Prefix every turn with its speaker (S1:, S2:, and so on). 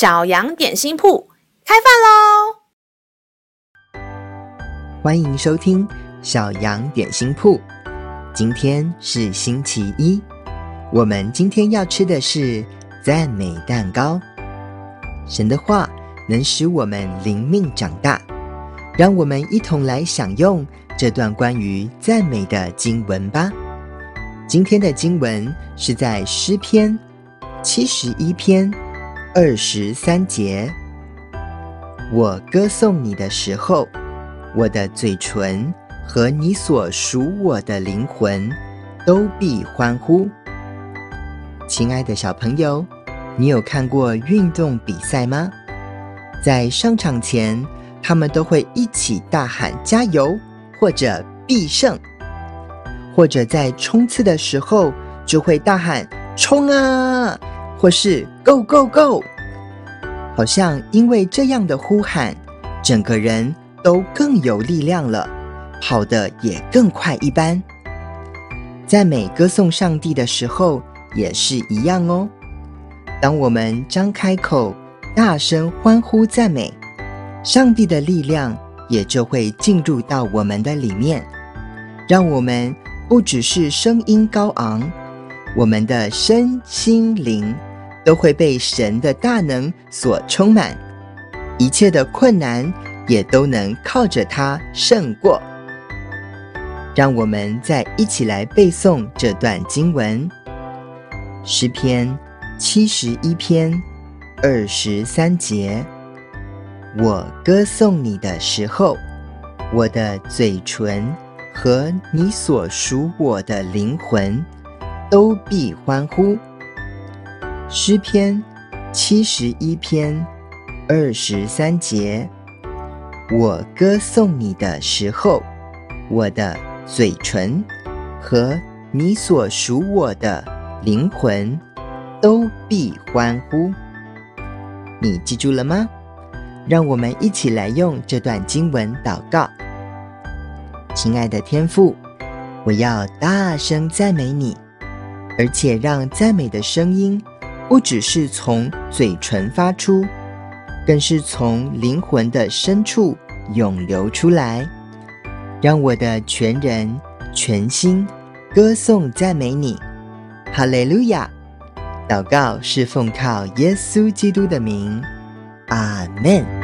S1: 小羊點心鋪開飯嘍！歡迎收聽小羊點心鋪。今天是星期一，我們今天要吃的是讚美蛋糕。神的話能使我們靈命長大，讓我們一同來享用這段關於讚美的經文吧。今天的經文是在詩篇七十一篇。二十三節，我歌頌你的時候，我的嘴唇和你所屬我的靈魂都必歡呼。親愛的小朋友，你有看過運動比賽嗎？在上場前，他們都會一起大喊“加油”或者“必勝”，或者在衝刺的時候就會大喊“衝啊”。或是 “go go go”，好像因為這樣的呼喊，整個人都更有力量了，跑得也更快一般。讚美歌頌上帝的時候也是一樣哦。當我們張開口大聲歡呼讚美，上帝的力量也就會進入到我們的裡面，讓我們不只是聲音高昂，我們的身心靈。都會被神的大能所充滿，一切的困難也都能靠着祂勝過。讓我們再一起來背誦這段經文，《詩篇》七十一篇二十三節：“我歌頌你的時候，我的嘴唇和你所贖我的靈魂都必歡呼。”詩篇七十一篇二十三節：我歌頌你的時候，我的嘴唇和你所贖我的靈魂都必歡呼。你記住了嗎？讓我們一起來用這段經文禱告，親愛的天父，我要大聲讚美你，而且讓讚美的聲音。不只是從嘴唇發出，更是從靈魂的深處湧流出來，讓我的全人、全心歌頌讚美你，哈利路亞！禱告是奉靠耶穌基督的名，阿門。